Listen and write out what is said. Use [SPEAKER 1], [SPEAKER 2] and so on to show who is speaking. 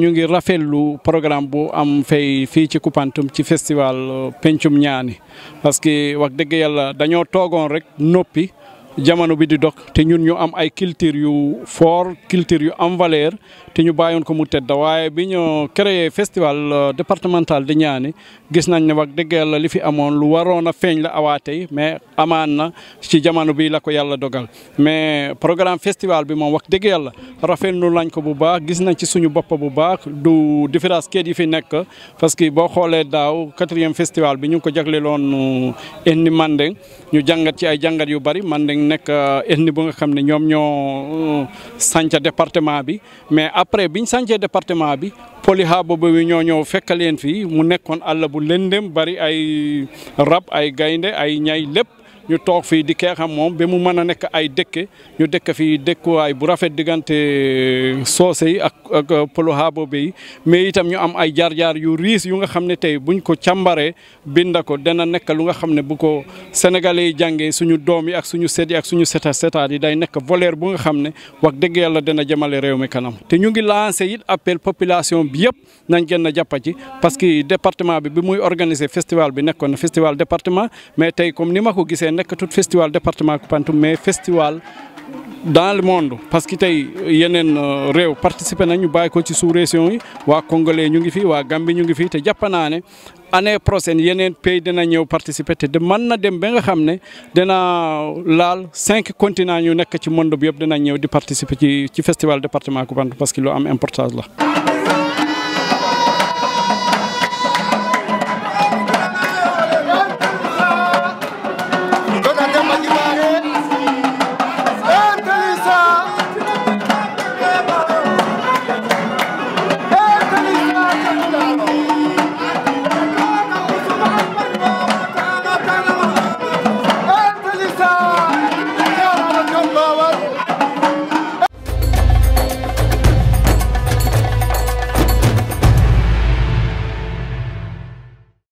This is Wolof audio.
[SPEAKER 1] ñu ngi rafetlu programme bu am fay fii ci Koupantoum ci festival uh, pencum ñaani parce que wax dëgg yàlla dañoo toogoon rek noppi. jamono bi di dog te ñun ñu am ay culture yu fort culture yu am valeur te ñu bàyyoon ko mu tedd waaye bi ñu créé festival euh, departementale di Ñaani gis nañ ne wax dëgg yàlla li fi amoon lu waroon a feeñ la awaatey mais amaan na ci jamono bi la ko yàlla dogal mais programme festival bi moom wax dëgg yàlla rafetlu lañ ko bu baax gis nañ ci suñu bopp bu baax du différence keet yi fi nekk parce que boo xoolee daaw quatrième festival bi ñu ngi ko jagleeloon indi euh, Mandeng ñu jàngat ci ay jàngat yu bari Mandeng nekk euh, ethnie bu nga xam ne ñoom ñoo euh, sànca département bi mais après biñ sàncee département bi poliha boobu bi ñoo ñëw fekk leen fii mu nekkoon àll bu lëndëm bari ay rab ay gaynde ay ñay lépp ñu toog fii di xeex ak moom ba mu mën a nekk ay dëkk ñu dëkk fii dëkkuwaay bu rafet diggante euh, soose yi ak ak euh, polo haaboobe yi mais itam ñu am ay jaar-jaar yu riis yu nga xam ne tey bu ñu ko càmbaree binda ko dana nekk lu nga xam ne bu ko sénégalais yi jàngee suñu doom yi ak suñu seet yi ak suñu seta setaat yi day nekk voleur bu nga xam ne wax dëgg yàlla dana jëmale réew mi kanam te ñu ngi lancé it appel population bi yëpp nañ gën a jàppa ci parce que département bi bi muy organiser festival bi nekkoon na festival nekkatul festival département Koupantoum mais festival dans le mond parce que tey yeneen euh, réew participer nañ ñu bàyyi ko ci sous-région yi waa congolais ñu ngi fi waa Gambie ñu ngi fi te jàpp naa ne année prochaine yeneen pays dina ñëw participer te de mën na dem ba nga xam ne dina laal cinq continents yu nekk ci monde bi yëpp dina ñëw di participer ci ci festival département Koupantoum parce que loo am importance la.